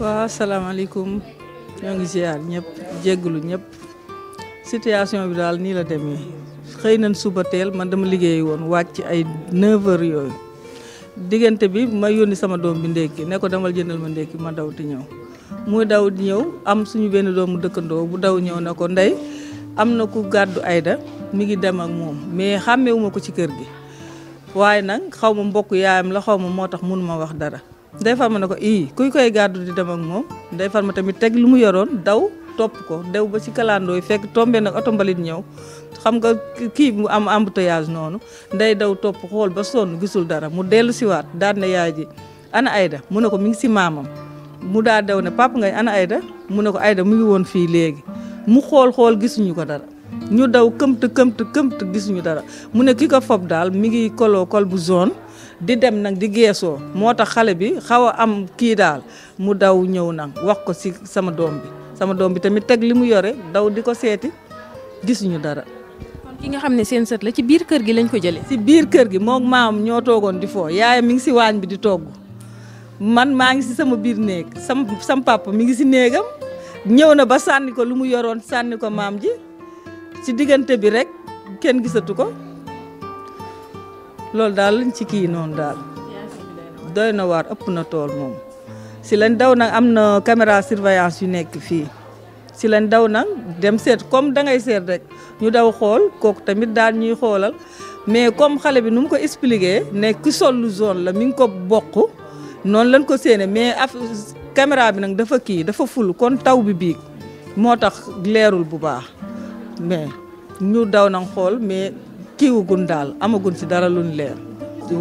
waaw asalaamaaleykum ñoo ngi ziar ñëpp jégglu ñëpp situation bi daal nii la demee xëy nañ suba teel man dama liggéey woon wàcc ay 9 heures yooyu diggante bi ma yónni sama doom bi ndékki ne ko damal jëndal ma ndékki ma daw di ñëw muy daw di ñëw am suñu benn doomu dëkkandoo bu daw ñëw ne ko ndey am na ku gàddu ayda mi ngi dem ak moom mais xàmmewuma ko ci kër gi waaye nag xaw ma mbokk yaayam la xaw ma moo tax mënuma wax dara ndey Fatma ne ko ii kuy koy gàddu di dem moom ndey Fatma tamit teg lu mu yoroon daw topp ko dew ba si kalandoo yi fekk tombé nag oto mbalit ñëw xam nga kii mu am embouteillage noonu ndey daw topp xool ba sonn gisul dara mu dellu siwaat daan na yaay ji ana Aida mu ne ko mi ngi si maamam mu daa daw ne papa ngay ana ayda mu ne ko ayda mu ngi woon fii léegi mu xool xool ñu ko dara ñu daw këmt këmt këmt gisuñu dara mu ne ki ko fob daal mi ngi koloo kol bu zone di dem nag di geesoo moo tax xale bi xaw a am kii daal mu daw ñëw nag wax ko si sama doom bi sama doom bi tamit teg li mu yore daw di ko seeti gisuñu dara. kon ki nga xam ne seen sët la ci biir kër gi lañ ko jëlee. si biir kër gi moom maam ñoo toogoon di foo yaayam mi ngi si waañ bi di togg man maa ngi si sama biir néeg sam sam papa mi ngi si néegam ñëw na ba sànni ko lu mu yoroon sànni ko maam ji. ci diggante bi rek kenn gisatu ko loolu daal lañ ci kii noonu daal doy na waar ëpp na tool moom si lañ daw nag am na caméra surveillance yu nekk fii si lañ daw nag dem seet comme dangay seet rek ñu daw xool kooku tamit daal ñuy xoolal mais comme xale bi nu mu ko expliquer nekk ki sollu zone la mi ngi ko bokk noonu lañ ko séene mais af caméra bi nag dafa kii dafa ful kon taw bi biig moo tax leerul bu baax mais ñu daw nañ xool mais kiiwagun daal amagun si dara luñ leer.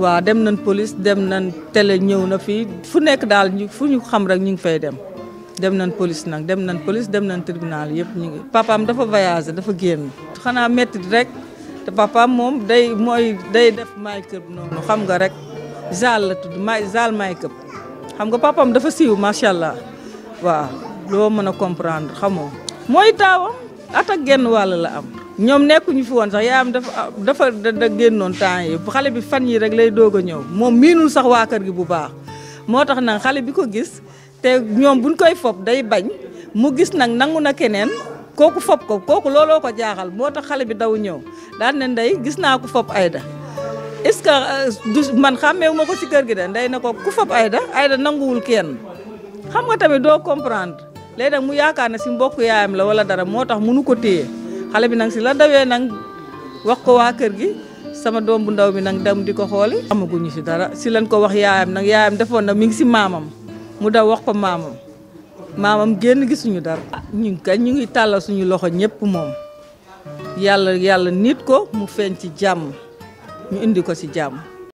waa dem nañ police dem nañ télé ñëw na fii fu nekk daal fu ñu xam rek ñu ngi fay dem dem nañ police nag dem nañ police dem nañ tribunal yëpp ñu ngi. papaam dafa voyagé dafa génn. xanaa métti rek te papaam moom day mooy day def make-up noonu xam nga rek Zal la tudd ma Zal make xam nga papaam dafa siiw macha allah waaw loo mën a comprendre xamoo mooy taawam. at ak genn wàll la am ñoom nekkuñu fi woon sax yaayam dafa dafa da génnoon temps yi xale bi fan yi rek lay doog a ñëw moom miinul sax waa kër gi bu baax moo tax nag xale bi ko gis te ñoom buñ koy fob day bañ mu gis nag nangu na keneen kooku fob ko kooku looloo ko jaaxal moo tax xale bi daw ñëw daan ne ndey gis naa ko fob Aïda est-ce que euh, du man xàmmeewu ma ko ci kër gi de ndey na ko ku fob Aïda Aïda nanguwul kenn xam nga tamit doo comprendre léegi nag mu yaakaar na si mbokk yaayam la wala dara moo tax munu ko téye xale bi nag si la dawee nag wax ko waa kër gi sama doom bu ndaw bi nag dam di ko xooli. amaguñu si dara si lañ ko wax yaayam nag yaayam defoon na mu ngi si maamam mu daw wax ko maamam maamam génn gisuñu dara. ñu ngi kañ ñu ngi tàllal suñu loxo ñëpp moom yàlla yàlla nit ko mu feeñ ci jàmm ñu indi ko si jàmm.